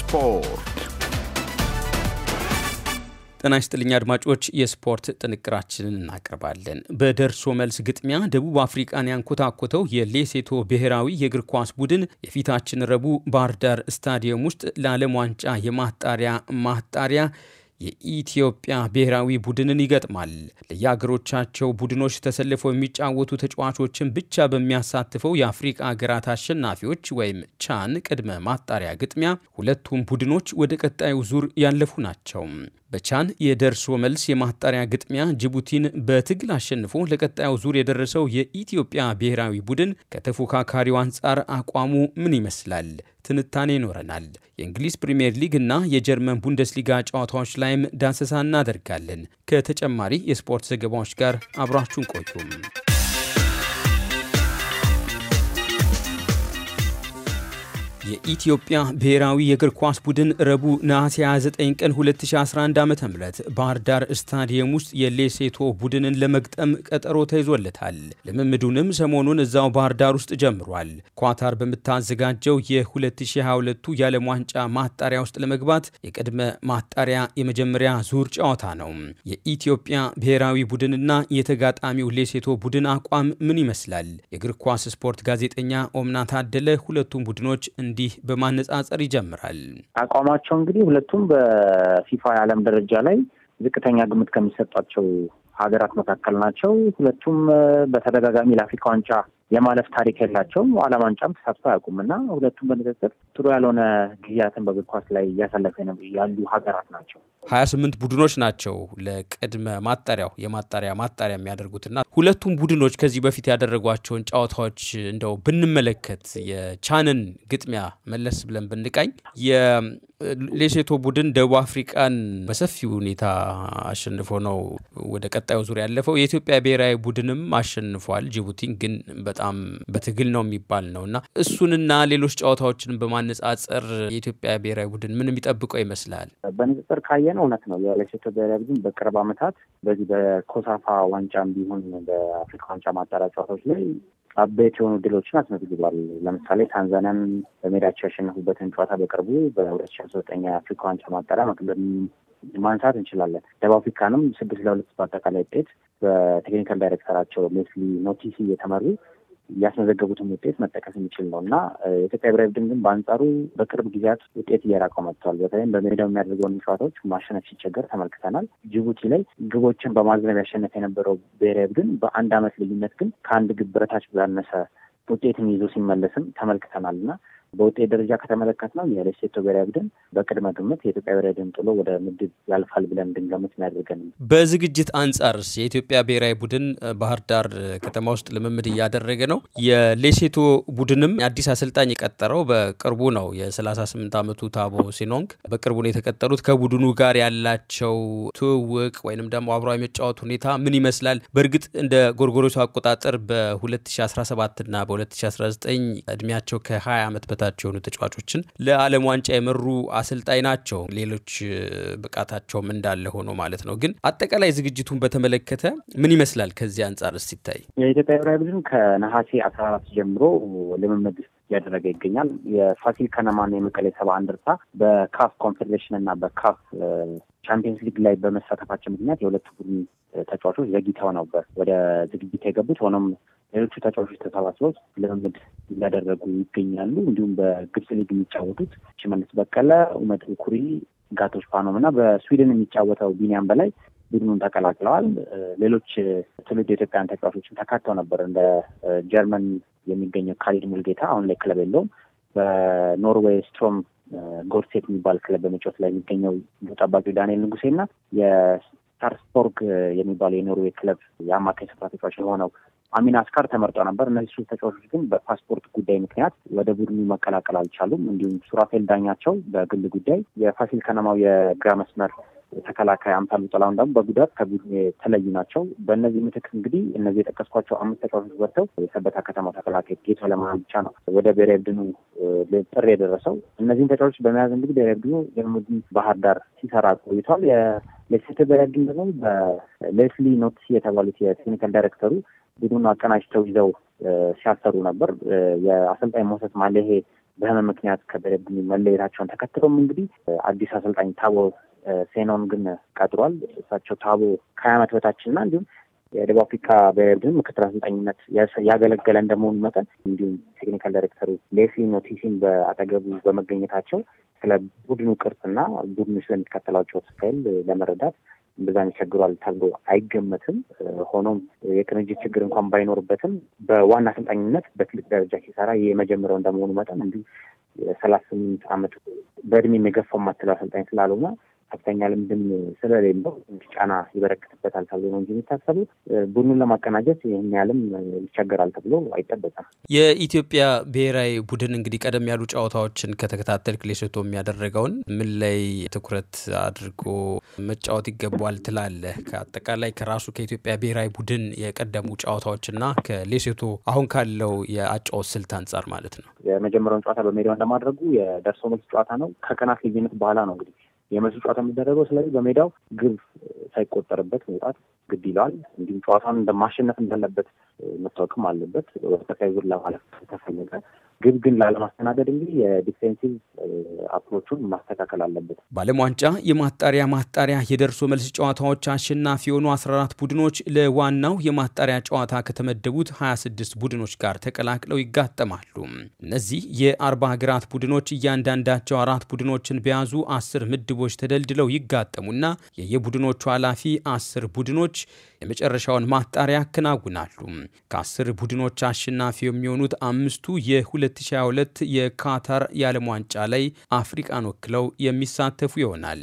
ስፖርት። ጤና ይስጥልኝ አድማጮች፣ የስፖርት ጥንቅራችንን እናቀርባለን። በደርሶ መልስ ግጥሚያ ደቡብ አፍሪቃን ያንኮታኮተው የሌሴቶ ብሔራዊ የእግር ኳስ ቡድን የፊታችን ረቡዕ ባህር ዳር ስታዲየም ውስጥ ለዓለም ዋንጫ የማጣሪያ ማጣሪያ የኢትዮጵያ ብሔራዊ ቡድንን ይገጥማል። ለየአገሮቻቸው ቡድኖች ተሰልፈው የሚጫወቱ ተጫዋቾችን ብቻ በሚያሳትፈው የአፍሪቃ አገራት አሸናፊዎች ወይም ቻን ቅድመ ማጣሪያ ግጥሚያ ሁለቱም ቡድኖች ወደ ቀጣዩ ዙር ያለፉ ናቸው። በቻን የደርሶ መልስ የማጣሪያ ግጥሚያ ጅቡቲን በትግል አሸንፎ ለቀጣዩ ዙር የደረሰው የኢትዮጵያ ብሔራዊ ቡድን ከተፎካካሪው አንጻር አቋሙ ምን ይመስላል? ትንታኔ ይኖረናል። የእንግሊዝ ፕሪምየር ሊግ እና የጀርመን ቡንደስሊጋ ጨዋታዎች ላይም ዳሰሳ እናደርጋለን። ከተጨማሪ የስፖርት ዘገባዎች ጋር አብራችሁን ቆዩም። የኢትዮጵያ ብሔራዊ የእግር ኳስ ቡድን ረቡ ነሐሴ 29 ቀን 2011 ዓ.ም ባህር ዳር ስታዲየም ውስጥ የሌሴቶ ቡድንን ለመግጠም ቀጠሮ ተይዞለታል። ልምምዱንም ሰሞኑን እዛው ባህር ዳር ውስጥ ጀምሯል። ኳታር በምታዘጋጀው የ2022 የዓለም ዋንጫ ማጣሪያ ውስጥ ለመግባት የቅድመ ማጣሪያ የመጀመሪያ ዙር ጨዋታ ነው። የኢትዮጵያ ብሔራዊ ቡድንና የተጋጣሚው ሌሴቶ ቡድን አቋም ምን ይመስላል? የእግር ኳስ ስፖርት ጋዜጠኛ ኦምና ታደለ ሁለቱም ቡድኖች እንዲ እንዲህ በማነጻጸር ይጀምራል። አቋማቸው እንግዲህ ሁለቱም በፊፋ የዓለም ደረጃ ላይ ዝቅተኛ ግምት ከሚሰጧቸው ሀገራት መካከል ናቸው። ሁለቱም በተደጋጋሚ ለአፍሪካ ዋንጫ የማለፍ ታሪክ የላቸውም። ዓለም ዋንጫም ተሳትፎ አያውቁም እና ሁለቱም በንጽጽር ጥሩ ያልሆነ ጊዜያትን በእግር ኳስ ላይ እያሳለፈ ያሉ ሀገራት ናቸው። ሀያ ስምንት ቡድኖች ናቸው ለቅድመ ማጣሪያው የማጣሪያ ማጣሪያ እና ሁለቱም ቡድኖች ከዚህ በፊት ያደረጓቸውን ጨዋታዎች እንደው ብንመለከት የቻንን ግጥሚያ መለስ ብለን ብንቃኝ የሌሴቶ ቡድን ደቡብ አፍሪቃን በሰፊ ሁኔታ አሸንፎ ነው ወደ ቀጣዩ ዙሪያ ያለፈው። የኢትዮጵያ ብሔራዊ ቡድንም አሸንፏል ጅቡቲን ግን በጣም በትግል ነው የሚባል ነው እና እሱንና ሌሎች ጨዋታዎችን በማነጻጸር የኢትዮጵያ ብሔራዊ ቡድን ምን የሚጠብቀው ይመስላል? በንጽጽር ካየነው እውነት ነው የኢትዮጵያ ብሔራዊ ቡድን በቅርብ ዓመታት በዚህ በኮሳፋ ዋንጫም ቢሆን በአፍሪካ ዋንጫ ማጣሪያ ጨዋታዎች ላይ አበይት የሆኑ ድሎችን አስመዝግቧል። ለምሳሌ ታንዛኒያን በሜዳቸው ያሸነፉበትን ጨዋታ በቅርቡ በሁለት ሺ አስራ ዘጠኝ የአፍሪካ ዋንጫ ማጣሪያ ማንሳት እንችላለን። ደቡብ አፍሪካንም ስድስት ለሁለት በአጠቃላይ ውጤት በቴክኒካል ዳይሬክተራቸው ሌስሊ ኖቲሲ እየተመሩ ያስመዘገቡትን ውጤት መጠቀስ የሚችል ነው እና የኢትዮጵያ ብሔራዊ ቡድን ግን በአንጻሩ በቅርብ ጊዜያት ውጤት እየራቀው መጥቷል። በተለይም በሜዳው የሚያደርገውን ጨዋታዎች ማሸነፍ ሲቸገር ተመልክተናል። ጅቡቲ ላይ ግቦችን በማዝነብ ያሸነፍ የነበረው ብሔራዊ ቡድን በአንድ አመት ልዩነት ግን ከአንድ ግብ በታች ባነሰ ውጤትን ይዞ ሲመለስም ተመልክተናል እና በውጤት ደረጃ ከተመለከት ነው የሌሴቶ ብሔራዊ ቡድን በቅድመ ግምት የኢትዮጵያ ብሔራዊ ቡድን ጥሎ ወደ ምድብ ያልፋል ብለን እንድንገምት ያደርገን። በዝግጅት አንጻር የኢትዮጵያ ብሔራዊ ቡድን ባህር ዳር ከተማ ውስጥ ልምምድ እያደረገ ነው። የሌሴቶ ቡድንም አዲስ አሰልጣኝ የቀጠረው በቅርቡ ነው። የ38 ዓመቱ ታቦ ሲኖንክ በቅርቡ ነው የተቀጠሉት። ከቡድኑ ጋር ያላቸው ትውውቅ ወይንም ደግሞ አብሮ የመጫወት ሁኔታ ምን ይመስላል? በእርግጥ እንደ ጎርጎሮሱ አቆጣጠር በ2017 እና በ2019 እድሜያቸው ከ20 ዓመት በ በበታች የሆኑ ተጫዋቾችን ለዓለም ዋንጫ የመሩ አሰልጣኝ ናቸው። ሌሎች ብቃታቸውም እንዳለ ሆኖ ማለት ነው። ግን አጠቃላይ ዝግጅቱን በተመለከተ ምን ይመስላል? ከዚህ አንጻር ሲታይ የኢትዮጵያ ብሔራዊ ቡድን ከነሐሴ አስራ አራት ጀምሮ ልምምድ እያደረገ ይገኛል። የፋሲል ከነማና የመቀሌ ሰባ እንደርታ በካፍ ኮንፌዴሬሽን እና በካፍ ቻምፒየንስ ሊግ ላይ በመሳተፋቸው ምክንያት የሁለቱ ቡድን ተጫዋቾች ዘግይተው ነበር ወደ ዝግጅት የገቡት። ሆኖም ሌሎቹ ተጫዋቾች ተሰባስበው ልምምድ እያደረጉ ይገኛሉ። እንዲሁም በግብጽ ሊግ የሚጫወቱት ሽመልስ በቀለ፣ ኡመድ ኩሪ፣ ጋቶች ፓኖም እና በስዊድን የሚጫወተው ቢኒያም በላይ ቡድኑን ተቀላቅለዋል። ሌሎች ትውልድ የኢትዮጵያን ተጫዋቾችን ተካተው ነበር። እንደ ጀርመን የሚገኘው ካሊድ ሙልጌታ አሁን ላይ ክለብ የለውም። በኖርዌይ ስትሮም ጎርሴት የሚባል ክለብ በመጫወት ላይ የሚገኘው ጠባቂው ዳንኤል ንጉሴ እና የሳርስቦርግ የሚባለው የኖርዌይ ክለብ የአማካኝ ስፍራ ተጫዋች የሆነው አሚን አስካር ተመርጦ ነበር። እነዚህ ሶስት ተጫዋቾች ግን በፓስፖርት ጉዳይ ምክንያት ወደ ቡድኑ መቀላቀል አልቻሉም። እንዲሁም ሱራፌል ዳኛቸው በግል ጉዳይ፣ የፋሲል ከነማው የግራ መስመር ተከላካይ አምሳሉ ጥላሁን ደግሞ በጉዳት ከቡድኑ የተለዩ ናቸው። በእነዚህ ምትክ እንግዲህ እነዚህ የጠቀስኳቸው አምስት ተጫዋቾች ወጥተው የሰበታ ከተማው ተከላካይ ጌቶ ለመሆን ብቻ ነው ወደ ብሔራዊ ቡድኑ ጥሪ የደረሰው። እነዚህን ተጫዋቾች በመያዝ እንግዲህ ብሔራዊ ቡድኑ ልምምዱን ባህር ዳር ሲሰራ ቆይቷል። የሌሴቴ ብሔራዊ ቡድን ደግሞ በሌስሊ ኖትስ የተባሉት የቴክኒካል ዳይሬክተሩ ቡድኑን አቀናጅተው ይዘው ሲያሰሩ ነበር። የአሰልጣኝ ሞሰስ ማለሄ በህመም ምክንያት ከብሔራዊ መለየታቸውን ተከትሎም እንግዲህ አዲስ አሰልጣኝ ታቦ ሴኖን ግን ቀጥሯል። እሳቸው ታቦ ከሀያ ዓመት በታችና እንዲሁም የደቡብ አፍሪካ ብሔራዊ ቡድን ምክትል አሰልጣኝነት ያገለገለ እንደመሆኑ መጠን እንዲሁም ቴክኒካል ዳይሬክተሩ ሌሲ ኖቲሲን በአጠገቡ በመገኘታቸው ስለ ቡድኑ ቅርጽና ቡድኑ ስለሚከተላቸው ስታይል ለመረዳት እምብዛም ይቸግሯል ተብሎ አይገመትም። ሆኖም የቅንጅት ችግር እንኳን ባይኖርበትም በዋና አሰልጣኝነት በትልቅ ደረጃ ሲሰራ የመጀመሪያው እንደመሆኑ መጠን እንዲሁ የሰላሳ ስምንት ዓመት በእድሜ የገፋ የማትለው አሰልጣኝ ስላልሆነ ከፍተኛ ልምድም ስለሌለው ጫና ይበረክትበታል ተብሎ ነው እንጂ የሚታሰቡት ቡድኑን ለማቀናጀት ይህን ያህልም ይቸገራል ተብሎ አይጠበቅም። የኢትዮጵያ ብሔራዊ ቡድን እንግዲህ ቀደም ያሉ ጨዋታዎችን ከተከታተል ሌሶቶ የሚያደረገውን ምን ላይ ትኩረት አድርጎ መጫወት ይገባዋል ትላለህ? ከአጠቃላይ ከራሱ ከኢትዮጵያ ብሔራዊ ቡድን የቀደሙ ጨዋታዎችና ከሌሴቶ አሁን ካለው የአጫወት ስልት አንጻር ማለት ነው። የመጀመሪያውን ጨዋታ በሜዳው እንደማድረጉ የደርሶ መልስ ጨዋታ ነው። ከቀናት ልዩነት በኋላ ነው እንግዲህ የመልሱ ጨዋታ የሚደረገው። ስለዚህ በሜዳው ግብ ሳይቆጠርበት መውጣት ግድ ይለዋል። እንዲሁም ጨዋታን እንደማሸነፍ እንዳለበት መታወቅም አለበት። ተቀያይዞን ለማለፍ ተፈለገ ግብ ግን ላለማስተናገድ እንግዲህ የዲፌንሲቭ አፕሮቹን ማስተካከል አለበት። በዓለም ዋንጫ የማጣሪያ ማጣሪያ የደርሶ መልስ ጨዋታዎች አሸናፊ የሆኑ 14 ቡድኖች ለዋናው የማጣሪያ ጨዋታ ከተመደቡት 26 ቡድኖች ጋር ተቀላቅለው ይጋጠማሉ። እነዚህ የአርባ ሀገራት ቡድኖች እያንዳንዳቸው አራት ቡድኖችን በያዙ አስር ምድቦች ተደልድለው ይጋጠሙና የየቡድኖቹ ኃላፊ አስር ቡድኖች የመጨረሻውን ማጣሪያ ያከናውናሉ። ከአስር ቡድኖች አሸናፊ የሚሆኑት አምስቱ የሁለ 2022 የካታር የዓለም ዋንጫ ላይ አፍሪቃን ወክለው የሚሳተፉ ይሆናል።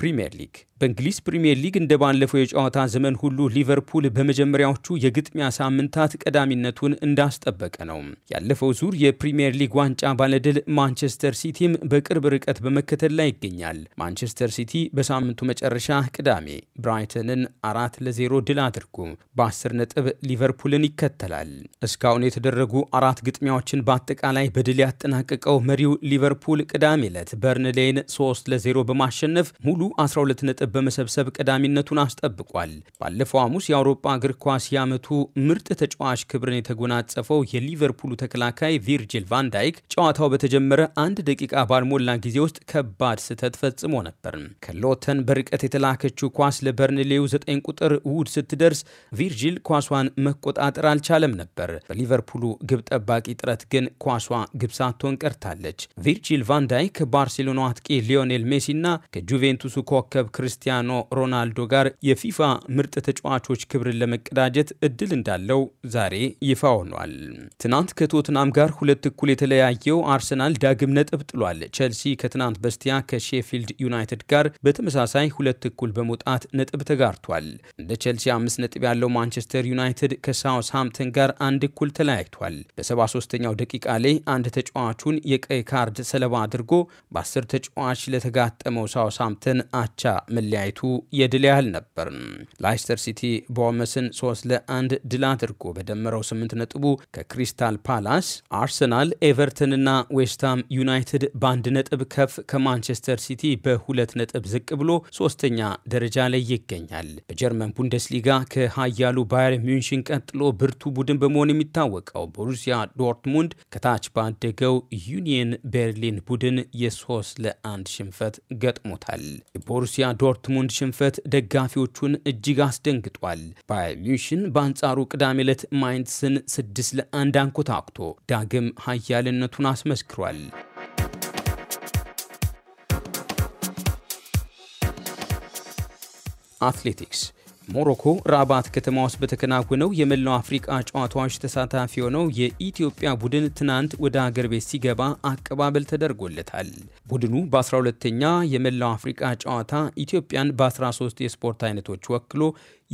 ፕሪምየር ሊግ በእንግሊዝ ፕሪምየር ሊግ እንደ ባለፈው የጨዋታ ዘመን ሁሉ ሊቨርፑል በመጀመሪያዎቹ የግጥሚያ ሳምንታት ቀዳሚነቱን እንዳስጠበቀ ነው። ያለፈው ዙር የፕሪምየር ሊግ ዋንጫ ባለድል ማንቸስተር ሲቲም በቅርብ ርቀት በመከተል ላይ ይገኛል። ማንቸስተር ሲቲ በሳምንቱ መጨረሻ ቅዳሜ ብራይተንን አራት ለዜሮ ድል አድርጎ በአስር ነጥብ ሊቨርፑልን ይከተላል። እስካሁን የተደረጉ አራት ግጥሚያዎችን በአጠቃላይ በድል ያጠናቀቀው መሪው ሊቨርፑል ቅዳሜ ዕለት በርንሌይን ሶስት ለዜሮ በማሸነፍ ሙሉ 12 ነጥብ በመሰብሰብ ቀዳሚነቱን አስጠብቋል። ባለፈው ሐሙስ የአውሮፓ እግር ኳስ የዓመቱ ምርጥ ተጫዋች ክብርን የተጎናጸፈው የሊቨርፑሉ ተከላካይ ቪርጂል ቫንዳይክ ጨዋታው በተጀመረ አንድ ደቂቃ ባልሞላ ጊዜ ውስጥ ከባድ ስህተት ፈጽሞ ነበር። ከሎተን በርቀት የተላከችው ኳስ ለበርንሌው 9 ቁጥር ውድ ስትደርስ ቪርጂል ኳሷን መቆጣጠር አልቻለም ነበር። በሊቨርፑሉ ግብ ጠባቂ ጥረት ግን ኳሷ ግብ ሳትሆን ቀርታለች። ቪርጂል ቫንዳይክ ባርሴሎና ከባርሴሎና አጥቂ ሊዮኔል ሜሲ እና ከጁቬንቱስ ከእንግሊዙ ኮከብ ክርስቲያኖ ሮናልዶ ጋር የፊፋ ምርጥ ተጫዋቾች ክብርን ለመቀዳጀት እድል እንዳለው ዛሬ ይፋ ሆኗል። ትናንት ከቶትናም ጋር ሁለት እኩል የተለያየው አርሰናል ዳግም ነጥብ ጥሏል። ቸልሲ ከትናንት በስቲያ ከሼፊልድ ዩናይትድ ጋር በተመሳሳይ ሁለት እኩል በመውጣት ነጥብ ተጋርቷል። እንደ ቸልሲ አምስት ነጥብ ያለው ማንቸስተር ዩናይትድ ከሳውስ ሃምፕተን ጋር አንድ እኩል ተለያይቷል። በ73ኛው ደቂቃ ላይ አንድ ተጫዋቹን የቀይ ካርድ ሰለባ አድርጎ በ10 ተጫዋች ለተጋጠመው ሳውስ ሃምፕተን አቻ መለያየቱ የድል ያህል ነበር። ላይስተር ሲቲ ቦርመስን 3 ለ1 ድል አድርጎ በደመረው 8 ነጥቡ ከክሪስታል ፓላስ፣ አርሰናል፣ ኤቨርተንና ዌስትሃም ዩናይትድ በአንድ ነጥብ ከፍ ከማንቸስተር ሲቲ በሁለት ነጥብ ዝቅ ብሎ ሶስተኛ ደረጃ ላይ ይገኛል። በጀርመን ቡንደስሊጋ ከሀያሉ ባየር ሚንሽን ቀጥሎ ብርቱ ቡድን በመሆን የሚታወቀው ቦሩሲያ ዶርትሙንድ ከታች ባደገው ዩኒየን ቤርሊን ቡድን ለ1 ሽንፈት ገጥሞታል። የቦሩሲያ ዶርትሙንድ ሽንፈት ደጋፊዎቹን እጅግ አስደንግጧል። ባየር ሚሽን በአንጻሩ ቅዳሜ ዕለት ማይንስን ስድስት ለአንድ አንኮታኩቶ ዳግም ኃያልነቱን አስመስክሯል። አትሌቲክስ ሞሮኮ ራባት ከተማ ውስጥ በተከናወነው የመላው አፍሪቃ ጨዋታዎች ተሳታፊ የሆነው የኢትዮጵያ ቡድን ትናንት ወደ አገር ቤት ሲገባ አቀባበል ተደርጎለታል። ቡድኑ በ12ተኛ የመላው አፍሪቃ ጨዋታ ኢትዮጵያን በ13 የስፖርት አይነቶች ወክሎ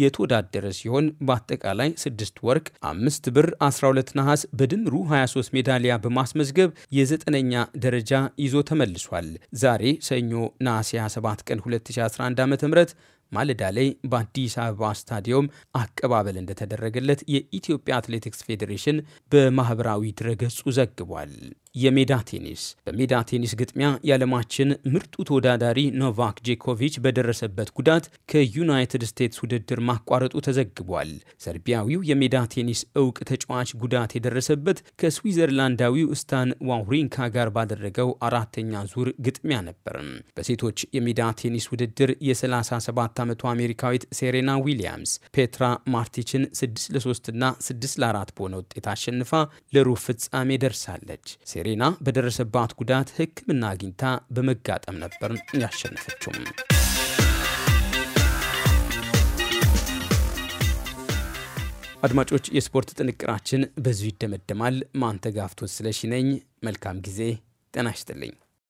የተወዳደረ ሲሆን በአጠቃላይ 6 ወርቅ፣ 5 ብር፣ 12 ነሐስ በድምሩ 23 ሜዳሊያ በማስመዝገብ የዘጠነኛ ደረጃ ይዞ ተመልሷል። ዛሬ ሰኞ ነሐሴ 27 ቀን 2011 ዓ ም ማለዳ ላይ በአዲስ አበባ ስታዲየም አቀባበል እንደተደረገለት የኢትዮጵያ አትሌቲክስ ፌዴሬሽን በማህበራዊ ድረገጹ ዘግቧል። የሜዳ ቴኒስ በሜዳ ቴኒስ ግጥሚያ የዓለማችን ምርጡ ተወዳዳሪ ኖቫክ ጆኮቪች በደረሰበት ጉዳት ከዩናይትድ ስቴትስ ውድድር ማቋረጡ ተዘግቧል። ሰርቢያዊው የሜዳ ቴኒስ እውቅ ተጫዋች ጉዳት የደረሰበት ከስዊዘርላንዳዊው ስታን ዋውሪንካ ጋር ባደረገው አራተኛ ዙር ግጥሚያ ነበር። በሴቶች የሜዳ ቴኒስ ውድድር የ37 ዓመቱ አሜሪካዊት ሴሬና ዊሊያምስ ፔትራ ማርቲችን 6 ለ3 እና 6 ለ4 በሆነ ውጤት አሸንፋ ለሩብ ፍጻሜ ደርሳለች። ሴሬና በደረሰባት ጉዳት ሕክምና አግኝታ በመጋጠም ነበር ያሸነፈችውም። አድማጮች፣ የስፖርት ጥንቅራችን በዚሁ ይደመደማል። ማንተጋፍቶት ስለሺ ነኝ። መልካም ጊዜ። ጤና ይስጥልኝ።